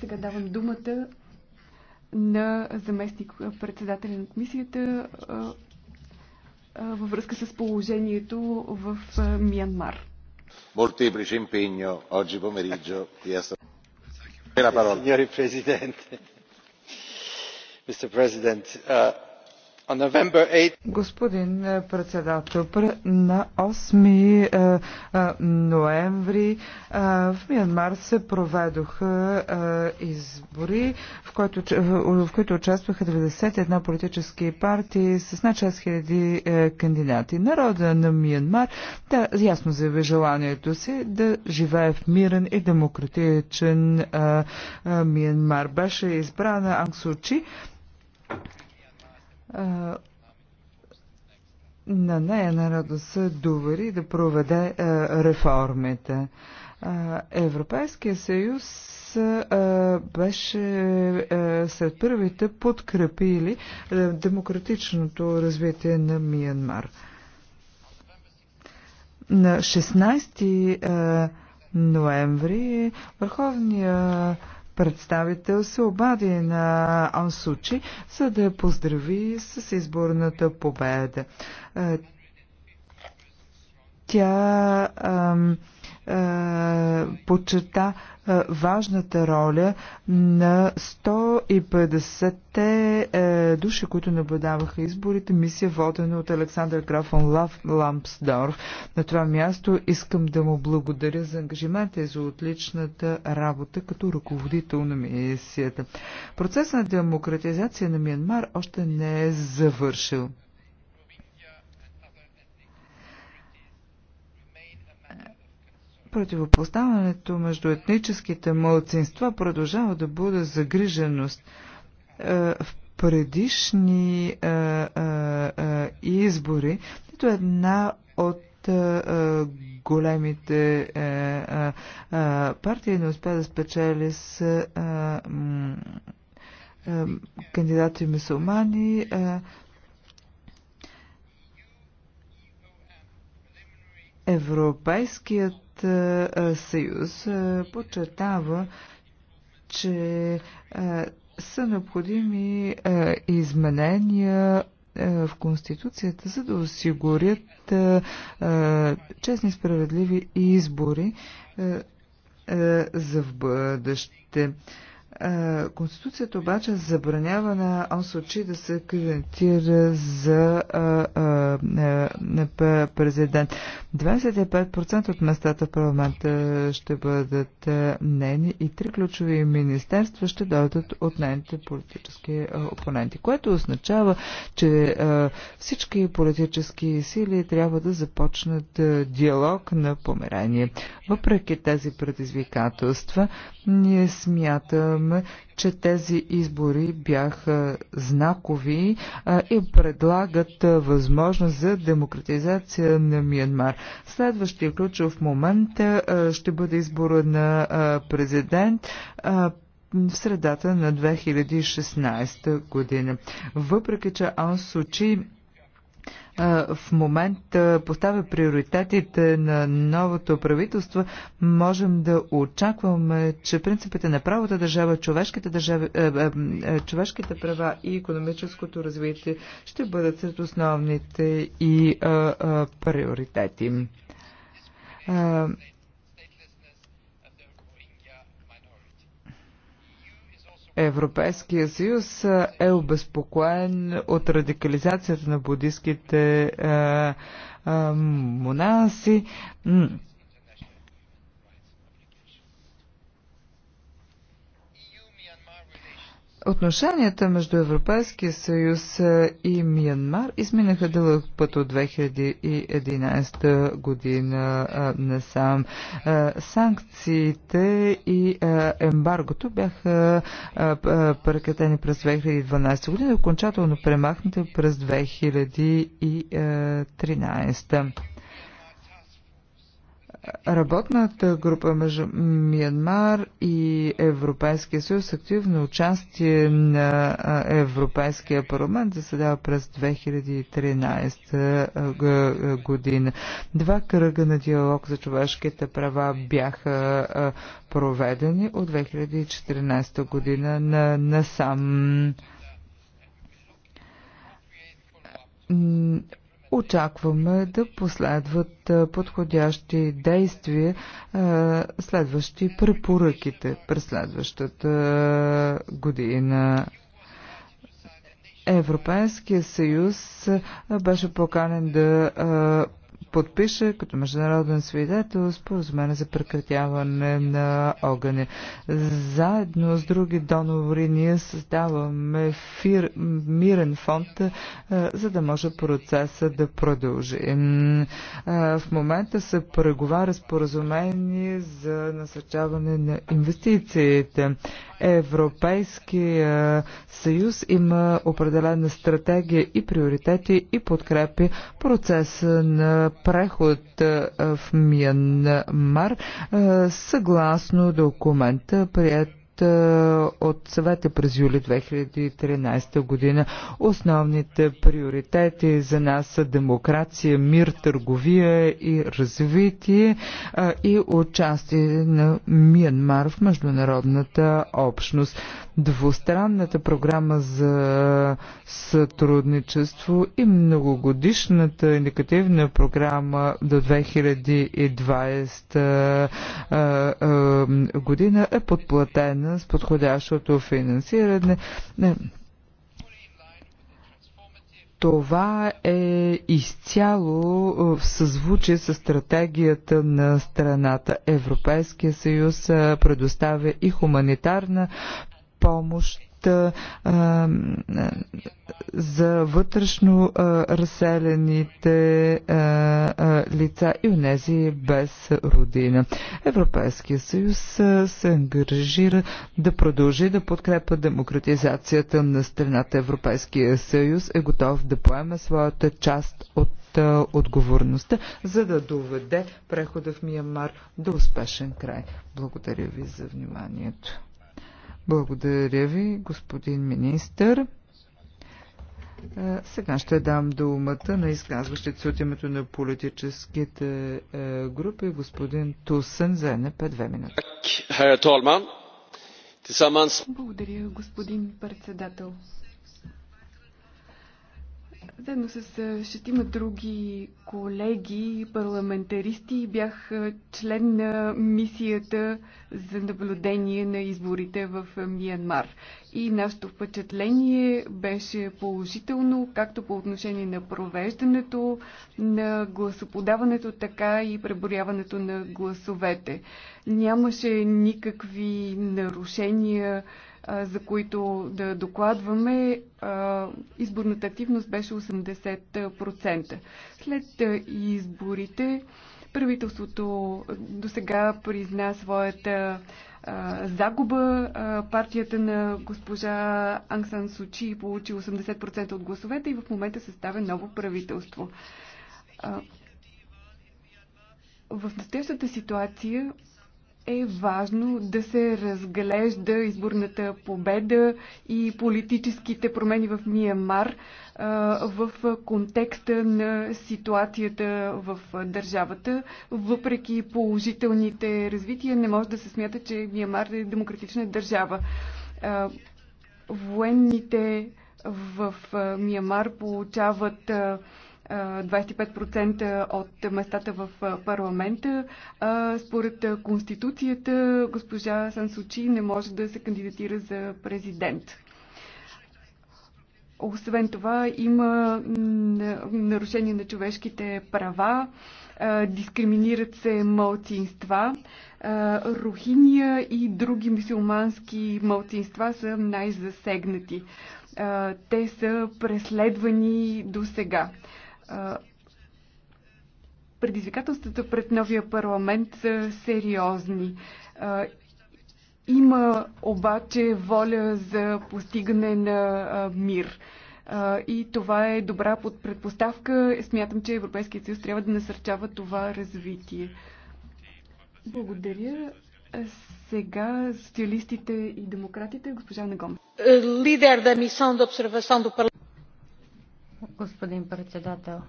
Сега давам думата на заместник председателя на комисията във връзка с положението в Миянмар. Molto di impegno oggi pomeriggio di Signori Presidente, Mr. President, uh, Господин е, председател, на 8 е, е, ноември в Миянмар се проведоха избори, в които, в които участваха 91 политически партии с над 6000 кандидати. Народа на Миянмар да, ясно заяви желанието си да живее в мирен и демократичен Миянмар. Беше избрана Ангсучи на нея народа се довари да проведе реформите. Европейския съюз беше сред първите подкрепили демократичното развитие на Миянмар. На 16 ноември Върховния представител се обади на Ансучи, за да я поздрави с изборната победа. Е, тя ам, подчерта важната роля на 150-те е, души, които наблюдаваха изборите, мисия водена от Александър Графон Лампсдорф. На това място искам да му благодаря за ангажимента и за отличната работа като ръководител на мисията. Процесът на демократизация на Миянмар още не е завършил. Противопоставянето между етническите мълцинства продължава да бъде загриженост. Е, в предишни е, е, избори нито една от големите партии не успя да спечели с кандидати мусулмани. Европейският съюз подчертава, че са необходими изменения в Конституцията, за да осигурят честни, справедливи избори за в бъдеще. Е, Конституцията обаче забранява на Ансочи да се кандидатира за а, е, а, е, президент. 25% от местата в парламента ще бъдат нейни и три ключови министерства ще дойдат от нейните политически опоненти, което означава, че всички политически сили трябва да започнат диалог на помирение. Въпреки тези предизвикателства, ние смятам, смятаме, че тези избори бяха знакови и предлагат възможност за демократизация на Миянмар. Следващия ключов момент ще бъде избора на президент в средата на 2016 година. Въпреки, че Ан Сочи в момента поставя приоритетите на новото правителство, можем да очакваме, че принципите на правото държава, човешките, държави, човешките права и економическото развитие ще бъдат сред основните и приоритети Европейския съюз е обезпокоен от радикализацията на буддийските монаси. Отношенията между Европейския съюз е, и Миянмар изминаха дълъг път от 2011 година е, насам. Е, санкциите и ембаргото бяха прекратени през 2012 година, и окончателно премахнати през 2013. Работната група между Миянмар и Европейския съюз активно участие на Европейския парламент заседава през 2013 година. Два кръга на диалог за човешките права бяха проведени от 2014 година на, насам Очакваме да последват подходящи действия, следващи препоръките през следващата година. Европейския съюз беше поканен да подпише като международен свидетел споразумение за прекратяване на огъня. Заедно с други донори ние създаваме фир, мирен фонд, за да може процеса да продължи. В момента се преговаря споразумение за насърчаване на инвестициите. Европейския съюз има определена стратегия и приоритети и подкрепи процеса на преход в Миянмар съгласно документа, прият от съвета през юли 2013 година. Основните приоритети за нас са демокрация, мир, търговия и развитие и участие на Миянмар в международната общност. Двустранната програма за сътрудничество и многогодишната индикативна програма до 2020 година е подплатена свързана с подходящото финансиране. Не. Това е изцяло е, в съзвучие с стратегията на страната. Европейския съюз е, предоставя и хуманитарна помощ е, е, за вътрешно е, разселените лица и унези без родина. Европейския съюз се ангажира да продължи да подкрепа демократизацията на страната. Европейския съюз е готов да поеме своята част от отговорността, за да доведе прехода в Миямар до успешен край. Благодаря ви за вниманието. Благодаря ви, господин министър. Сега ще дам думата на изказващите от името на политическите групи, господин Тусен, за НП две минути. Благодаря, господин председател. Заедно с шестима други колеги, парламентаристи, бях член на мисията за наблюдение на изборите в Миянмар и нашето впечатление беше положително, както по отношение на провеждането на гласоподаването, така и преборяването на гласовете. Нямаше никакви нарушения, за които да докладваме. Изборната активност беше 80%. След изборите Правителството до сега призна своята а, загуба. А, партията на госпожа Ансан Сучи получи 80% от гласовете и в момента съставя ново правителство. А, в настоящата ситуация е важно да се разглежда изборната победа и политическите промени в Миямар в контекста на ситуацията в държавата. Въпреки положителните развития, не може да се смята, че Миямар е демократична държава. Военните в Миямар получават 25% от местата в парламента. Според Конституцията госпожа Сансучи не може да се кандидатира за президент. Освен това има нарушение на човешките права, дискриминират се малцинства. Рухиния и други мусулмански малцинства са най-засегнати. Те са преследвани до сега предизвикателствата пред новия парламент са сериозни. Има обаче воля за постигане на мир. И това е добра предпоставка. Смятам, че Европейският съюз трябва да насърчава това развитие. Благодаря. Сега социалистите и демократите, госпожа Нагон. Лидер на мисион до обсервационно господин председател.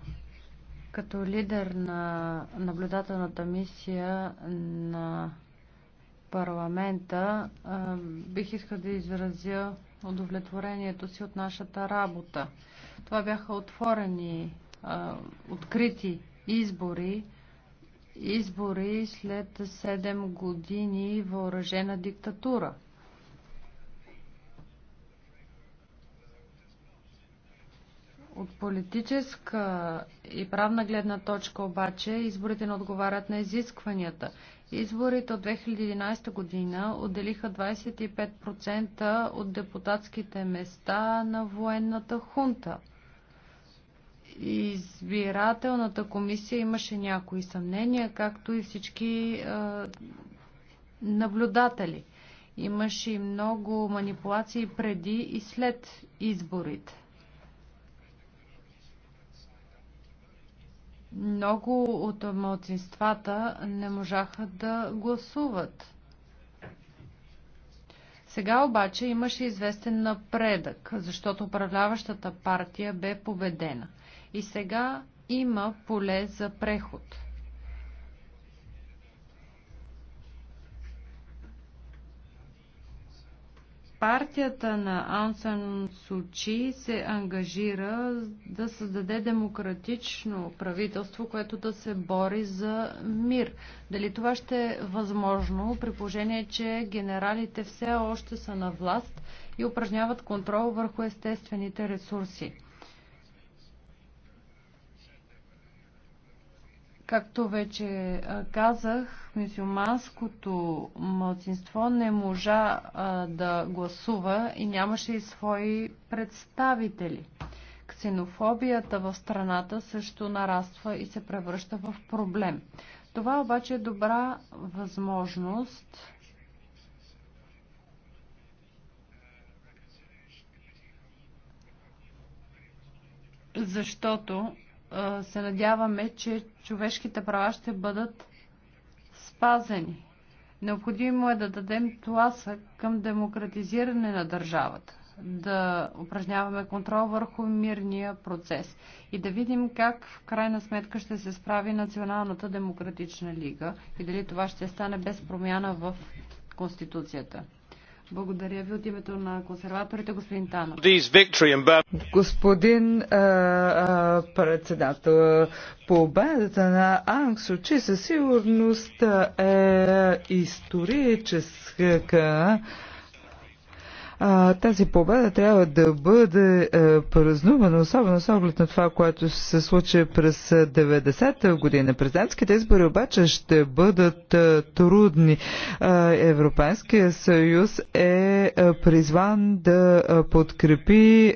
Като лидер на наблюдателната мисия на парламента, бих искал да изразя удовлетворението си от нашата работа. Това бяха отворени, открити избори, избори след 7 години въоръжена диктатура. От политическа и правна гледна точка обаче изборите не отговарят на изискванията. Изборите от 2011 година отделиха 25% от депутатските места на военната хунта. Избирателната комисия имаше някои съмнения, както и всички е, наблюдатели. Имаше и много манипулации преди и след изборите. Много от младсинствата не можаха да гласуват. Сега обаче имаше известен напредък, защото управляващата партия бе победена. И сега има поле за преход – партията на Ансан Сучи се ангажира да създаде демократично правителство, което да се бори за мир. Дали това ще е възможно при положение, че генералите все още са на власт и упражняват контрол върху естествените ресурси? Както вече казах, мюсюлманското младсинство не можа да гласува и нямаше и свои представители. Ксенофобията в страната също нараства и се превръща в проблем. Това обаче е добра възможност защото се надяваме, че човешките права ще бъдат спазени. Необходимо е да дадем тласък към демократизиране на държавата, да упражняваме контрол върху мирния процес и да видим как в крайна сметка ще се справи Националната демократична лига и дали това ще стане без промяна в Конституцията. Благодаря ви от името на консерваторите, господин Танов. Господин uh, а, председател, победата на Анг Сочи със сигурност е историческа а, тази победа трябва да бъде а, е, празнувана, особено с оглед на това, което се случи през 90-та е, година. Президентските избори обаче ще бъдат а, е, трудни. А, Европейския съюз е а, призван да а, подкрепи а,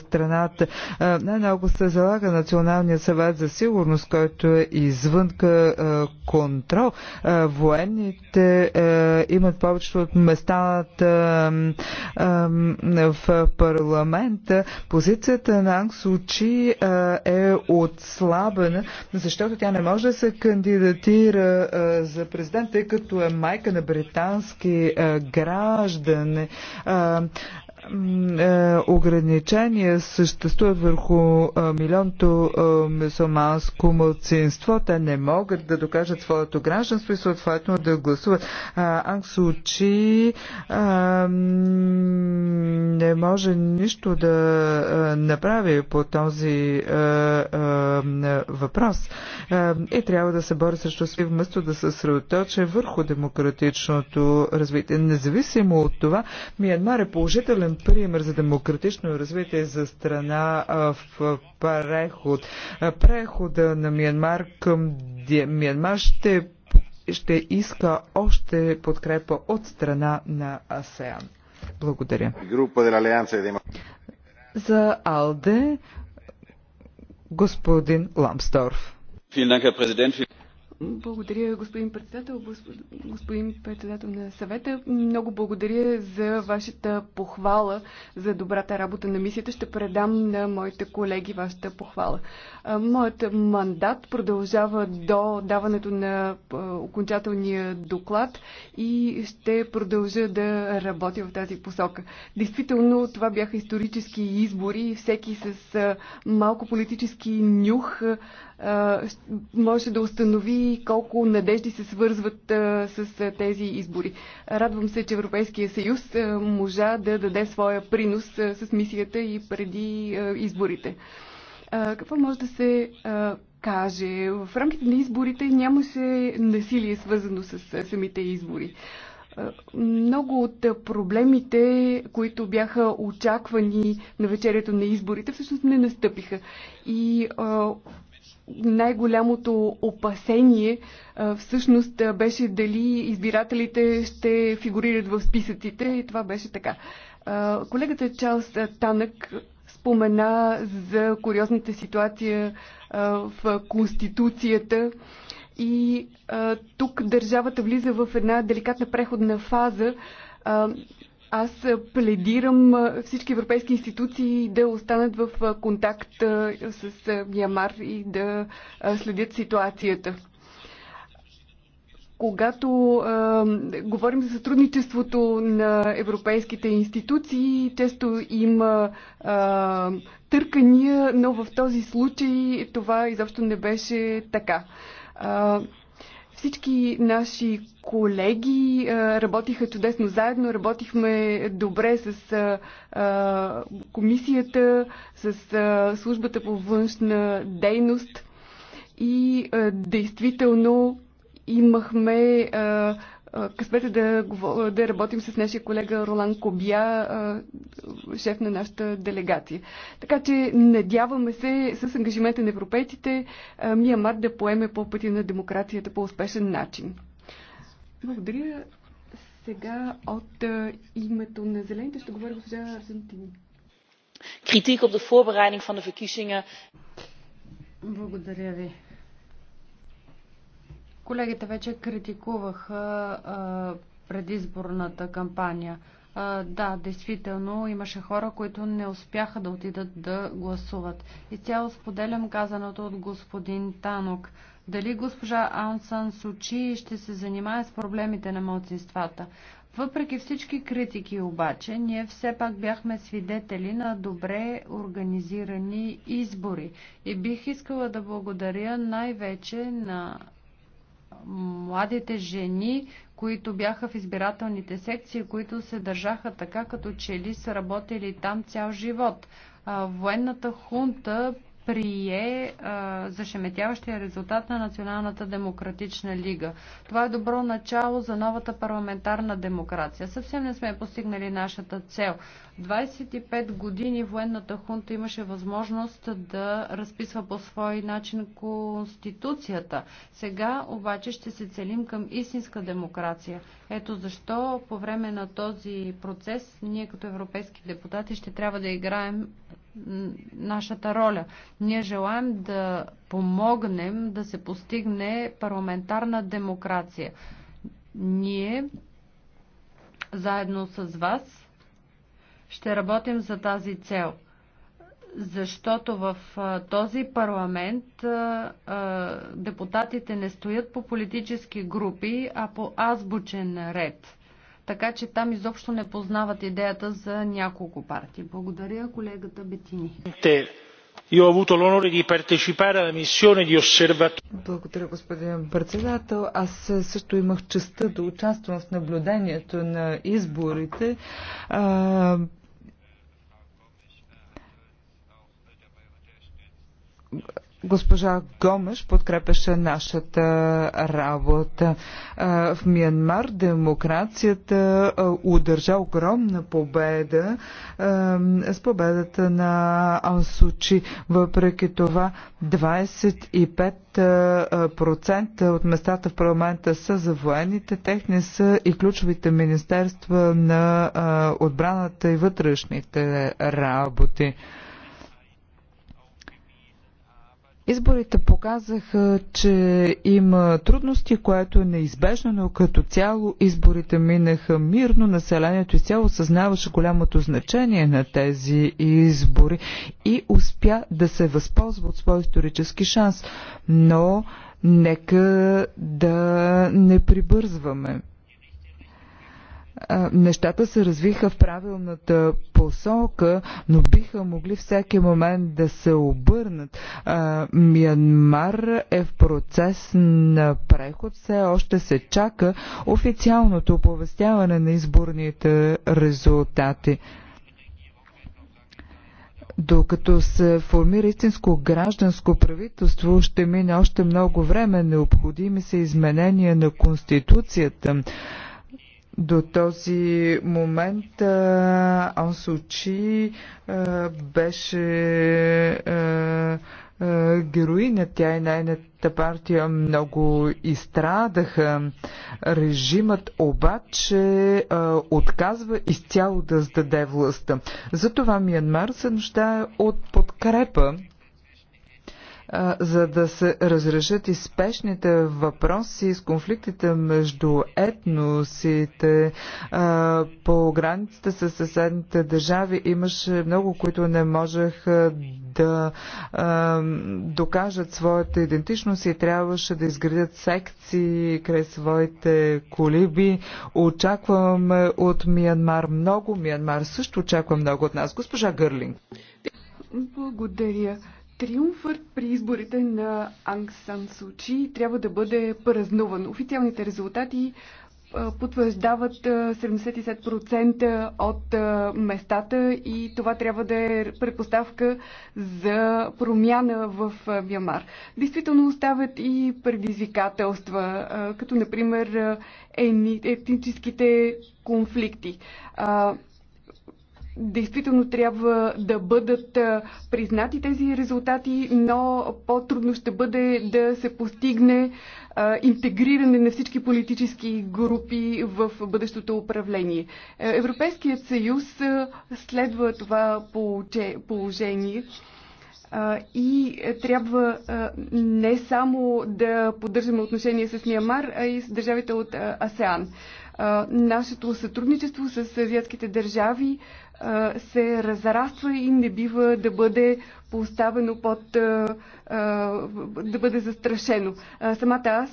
страната. Най-много се залага Националния съвет за сигурност, който е извън а, контрол. А, военните а, имат повечето от местата. А, в парламента позицията на Анг Сучи е отслабена, защото тя не може да се кандидатира за президент, тъй като е майка на британски граждане. Е, ограничения съществуват върху е, милионто е, мусулманско младсинство. Те не могат да докажат своето гражданство и съответно да гласуват. Анг Сучи не може нищо да направи по този въпрос. И трябва да се бори срещу си, вместо да се съсредоточи върху демократичното развитие. Независимо от това, Миянмар е положителен важен пример за демократично развитие за страна в преход. Прехода на Миянмар към Миянмар ще, ще иска още подкрепа от страна на АСЕАН. Благодаря. За АЛДЕ господин Ламсторф. Благодаря, господин председател, господин председател на съвета. Много благодаря за вашата похвала за добрата работа на мисията. Ще предам на моите колеги вашата похвала. Моят мандат продължава до даването на окончателния доклад и ще продължа да работя в тази посока. Действително, това бяха исторически избори. Всеки с малко политически нюх може да установи колко надежди се свързват с тези избори. Радвам се, че Европейския съюз можа да даде своя принос с мисията и преди изборите. Какво може да се каже? В рамките на изборите нямаше насилие свързано с самите избори. Много от проблемите, които бяха очаквани на вечерието на изборите, всъщност не настъпиха. И най-голямото опасение всъщност беше дали избирателите ще фигурират в списъците и това беше така. Колегата Чарлз Танък спомена за куриозната ситуация в Конституцията и тук държавата влиза в една деликатна преходна фаза аз пледирам всички европейски институции да останат в контакт с Миямар и да следят ситуацията когато е, говорим за сътрудничеството на европейските институции, често има е, търкания, но в този случай това изобщо не беше така. е, всички наши колеги работиха чудесно заедно, работихме добре с комисията, с службата по външна дейност и действително имахме късмета е да, да работим с нашия колега Ролан Кобя, шеф на нашата делегация. Така че надяваме се с ангажимента на европейците Миямар да поеме по пътя на демокрацията по успешен начин. Благодаря. Сега от името на Зелените ще говори госпожа Арсентин. Критик от de voorbereiding van de verkiezingen. Благодаря ви. Колегите вече критикуваха а, предизборната кампания. А, да, действително имаше хора, които не успяха да отидат да гласуват. И цяло споделям казаното от господин Танок. Дали госпожа Ансан Сучи ще се занимае с проблемите на младсинствата? Въпреки всички критики обаче, ние все пак бяхме свидетели на добре организирани избори и бих искала да благодаря най-вече на младите жени, които бяха в избирателните секции, които се държаха така, като че ли са работили там цял живот. Военната хунта прие а, зашеметяващия резултат на Националната демократична лига. Това е добро начало за новата парламентарна демокрация. Съвсем не сме постигнали нашата цел. 25 години военната хунта имаше възможност да разписва по свой начин Конституцията. Сега обаче ще се целим към истинска демокрация. Ето защо по време на този процес ние като европейски депутати ще трябва да играем нашата роля. Ние желаем да помогнем да се постигне парламентарна демокрация. Ние заедно с вас ще работим за тази цел защото в този парламент депутатите не стоят по политически групи, а по азбучен ред. Така че там изобщо не познават идеята за няколко партии. Благодаря колегата Бетини. Io ho avuto l'onore di partecipare alla missione di osservatore. Благодаря, господин председател. Аз също имах честа да участвам в наблюдението на изборите. А, Госпожа Гомеш подкрепеше нашата работа. В Миянмар демокрацията удържа огромна победа с победата на Ансучи. Въпреки това 25% от местата в парламента са за военните, техни са и ключовите министерства на отбраната и вътрешните работи. Изборите показаха, че има трудности, което е неизбежно, но като цяло изборите минаха мирно. Населението изцяло съзнаваше голямото значение на тези избори и успя да се възползва от своя исторически шанс. Но нека да не прибързваме нещата се развиха в правилната посока, но биха могли всеки момент да се обърнат. Мянмар е в процес на преход, все още се чака официалното оповестяване на изборните резултати. Докато се формира истинско гражданско правителство, ще мине още много време. Необходими са изменения на Конституцията до този момент Аун беше героиня. Тя и най-ната партия много изстрадаха. Режимът обаче отказва изцяло да сдаде властта. Затова Миянмар се нуждае от подкрепа за да се разрешат и спешните въпроси с конфликтите между етносите по границите с съседните държави. Имаше много, които не можеха да докажат своята идентичност и трябваше да изградят секции край своите колиби. Очакваме от Миянмар много. Миянмар също очаква много от нас. Госпожа Гърлинг. Благодаря. Триумфът при изборите на Анг Сан Сучи трябва да бъде празнуван. Официалните резултати потвърждават 77% от местата и това трябва да е предпоставка за промяна в Мямар. Действително остават и предизвикателства, като например етническите конфликти. Действително трябва да бъдат признати тези резултати, но по-трудно ще бъде да се постигне интегриране на всички политически групи в бъдещото управление. Е, Европейският съюз следва това положение и трябва не само да поддържаме отношения с Миямар, а и с държавите от АСЕАН. Нашето сътрудничество с азиатските държави се разраства и не бива да бъде поставено под да бъде застрашено. Самата аз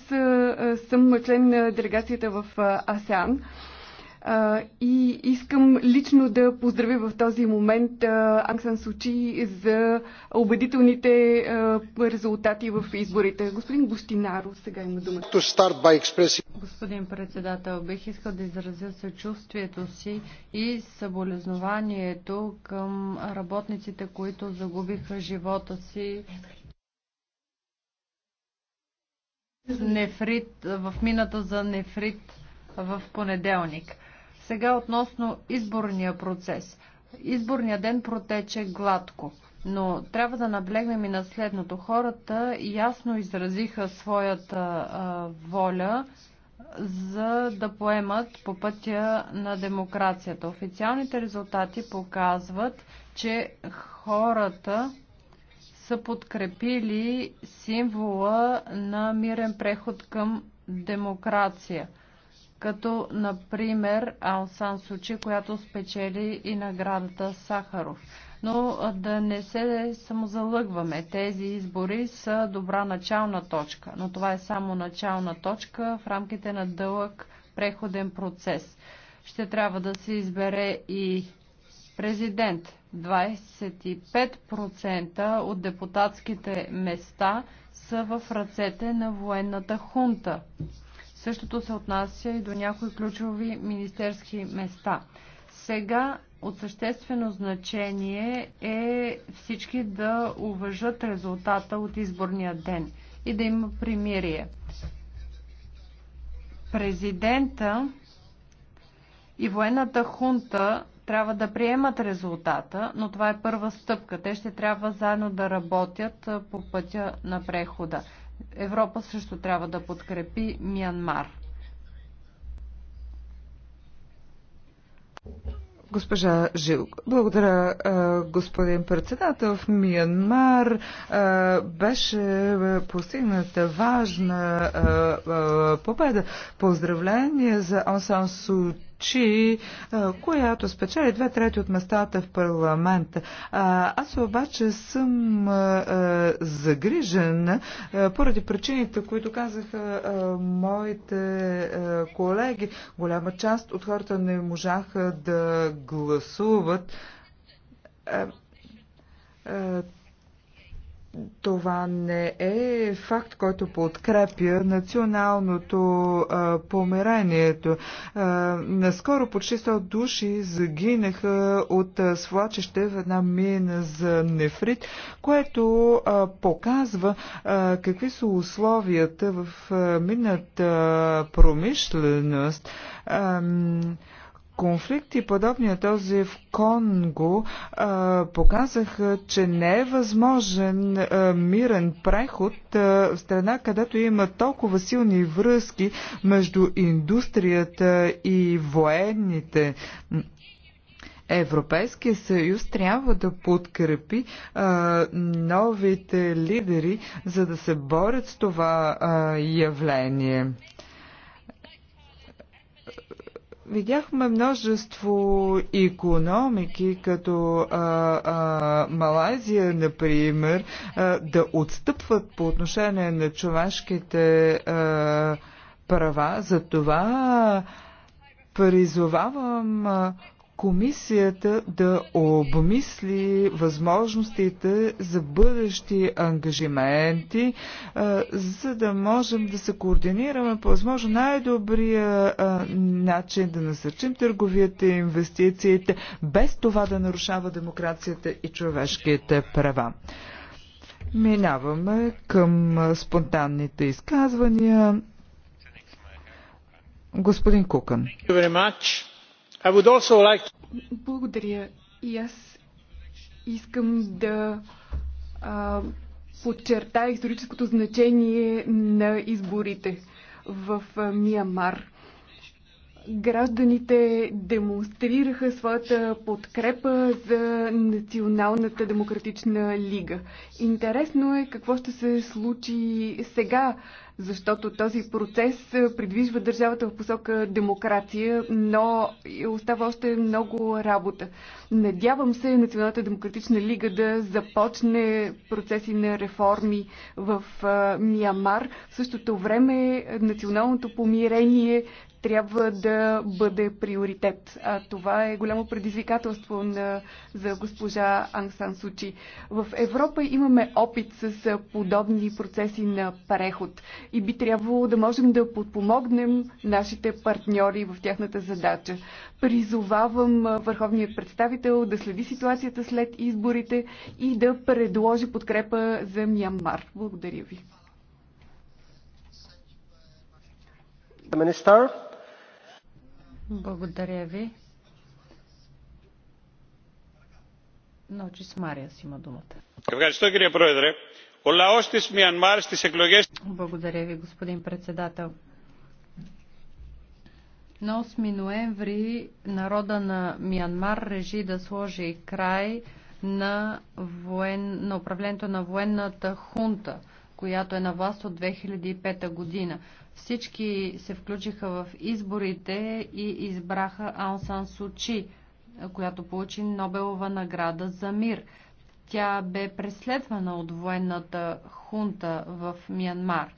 съм член на делегацията в АСЕАН а, и искам лично да поздравя в този момент Ансан Сучи за убедителните а, резултати в изборите. Господин Гостинаро, сега има дума. Господин председател, бих искал да изразя съчувствието си и съболезнованието към работниците, които загубиха живота си нефрит, в мината за нефрит в понеделник. Сега относно изборния процес. Изборният ден протече гладко. Но трябва да наблегнем и на следното. Хората ясно изразиха своята а, воля за да поемат по пътя на демокрацията. Официалните резултати показват, че хората са подкрепили символа на мирен преход към демокрация – като например Алсан Сучи, която спечели и наградата Сахаров. Но да не се самозалъгваме, тези избори са добра начална точка, но това е само начална точка в рамките на дълъг преходен процес. Ще трябва да се избере и президент. 25% от депутатските места са в ръцете на военната хунта. Същото се отнася и до някои ключови министерски места. Сега от съществено значение е всички да уважат резултата от изборния ден и да има примирие. Президента и военната хунта трябва да приемат резултата, но това е първа стъпка. Те ще трябва заедно да работят по пътя на прехода. Европа също трябва да подкрепи Миянмар. Госпожа Жил, благодаря, господин председател. В Миянмар беше постигната важна победа. Поздравление за Ансан Су Чи, която спечели две трети от местата в парламента. Аз обаче съм загрижен поради причините, които казаха моите колеги. Голяма част от хората не можаха да гласуват това не е факт, който подкрепя националното а, помирението. А, наскоро почти 100 души загинаха от а, свлачеще в една мина за нефрит, което а, показва а, какви са условията в а, мината промишленост. А, Конфликти, подобни на този в Конго, показаха, че не е възможен мирен преход в страна, където има толкова силни връзки между индустрията и военните. Европейския съюз трябва да подкрепи а, новите лидери, за да се борят с това а, явление. Видяхме множество економики, като а, а, Малайзия, например, а, да отстъпват по отношение на човешките а, права. За това призовавам а, комисията да обмисли възможностите за бъдещи ангажименти, за да можем да се координираме по възможно най-добрия начин да насърчим търговията и инвестициите, без това да нарушава демокрацията и човешките права. Минаваме към спонтанните изказвания. Господин Кукан. Благодаря. И аз искам да а, подчертая историческото значение на изборите в Миямар. Гражданите демонстрираха своята подкрепа за Националната демократична лига. Интересно е какво ще се случи сега, защото този процес придвижва държавата в посока демокрация, но остава още много работа. Надявам се Националната демократична лига да започне процеси на реформи в Миямар. В същото време националното помирение трябва да бъде приоритет. А това е голямо предизвикателство на, за госпожа Ансан Сучи. В Европа имаме опит с подобни процеси на преход и би трябвало да можем да подпомогнем нашите партньори в тяхната задача. Призовавам върховният представител да следи ситуацията след изборите и да предложи подкрепа за Мьянмар. Благодаря ви. Minister. Благодаря ви. Ночис Мариас има думата. Благодаря ви, господин председател. На 8 ноември народа на Миянмар режи да сложи край на, воен... на управлението на военната хунта – която е на власт от 2005 година. Всички се включиха в изборите и избраха Аун Сан Сучи, която получи Нобелова награда за мир. Тя бе преследвана от военната хунта в Мянмар.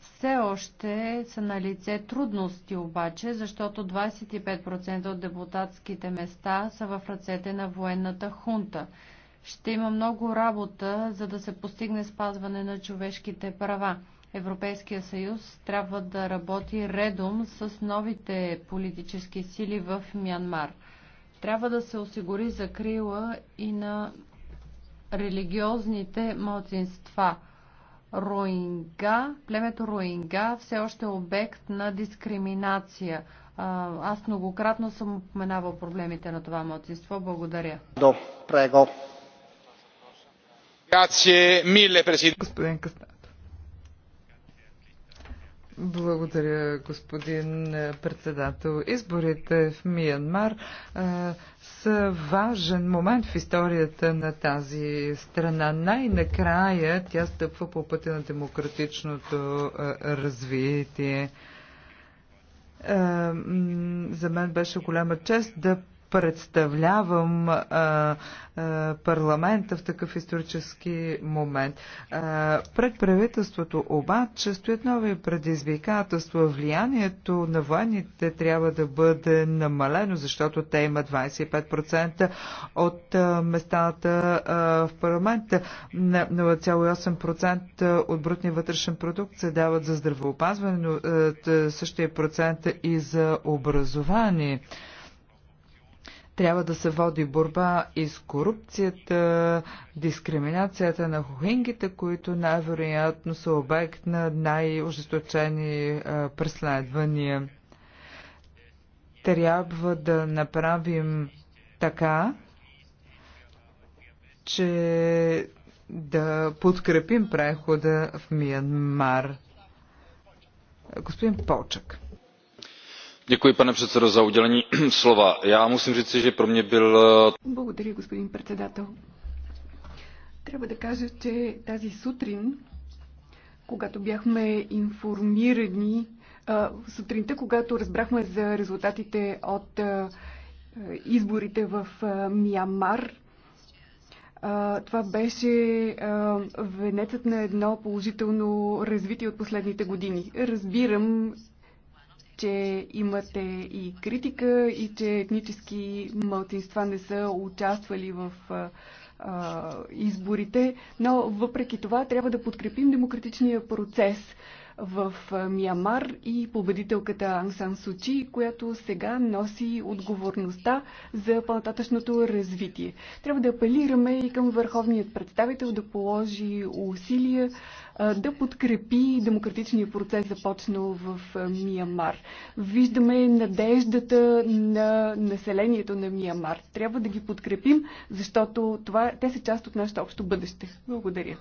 Все още са на лице трудности обаче, защото 25% от депутатските места са в ръцете на военната хунта ще има много работа, за да се постигне спазване на човешките права. Европейския съюз трябва да работи редом с новите политически сили в Мянмар. Трябва да се осигури закрила и на религиозните младсинства. Роинга, племето Роинга все още е обект на дискриминация. Аз многократно съм упоменавал проблемите на това младсинство. Благодаря. До, Господин Къстат. Благодаря, господин е, председател. Изборите в Миянмар а, е, са важен момент в историята на тази страна. Най-накрая тя стъпва по пътя на демократичното а, е, развитие. А, за мен беше голяма чест да представлявам а, а, парламента в такъв исторически момент. А, пред правителството обаче стоят нови предизвикателства. Влиянието на военните трябва да бъде намалено, защото те имат 25% от а, местата а, в парламента. 0,8% от брутния вътрешен продукт се дават за здравеопазване, но а, същия процент и за образование. Трябва да се води борба и с корупцията, дискриминацията на хохингите, които най-вероятно са обект на най-ожесточени е, преследвания. Трябва да направим така, че да подкрепим прехода в Миянмар. Господин Полчък pane předsedající já musím říci že pro mě byl. Eh, благодаря господин председател. трябва да кажа че тази сутрин когато бяхме информирани сутринта когато разбрахме за резултатите от изборите в Миямар това беше венецът на едно положително развитие от последните години. Разбирам, че имате и критика и че етнически мълтинства не са участвали в изборите, но въпреки това трябва да подкрепим демократичния процес в Миямар и победителката Ансан Сучи, която сега носи отговорността за по-нататъчното развитие. Трябва да апелираме и към върховният представител да положи усилия да подкрепи демократичния процес, започнал в Миямар. Виждаме надеждата на населението на Миямар. Трябва да ги подкрепим, защото това, те са част от нашето общо бъдеще. Благодаря.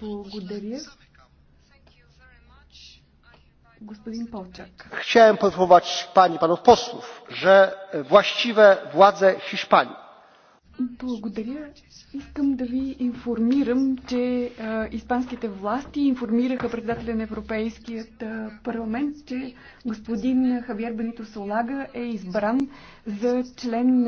Благодаря. Господин Polczak. Chciałem пани, Pani i Panów posłów, że właściwe władze Hiszpanii благодаря. Искам да ви информирам, че а, испанските власти информираха председателя на Европейският а, парламент, че господин Хавиер Бенито Солага е избран за член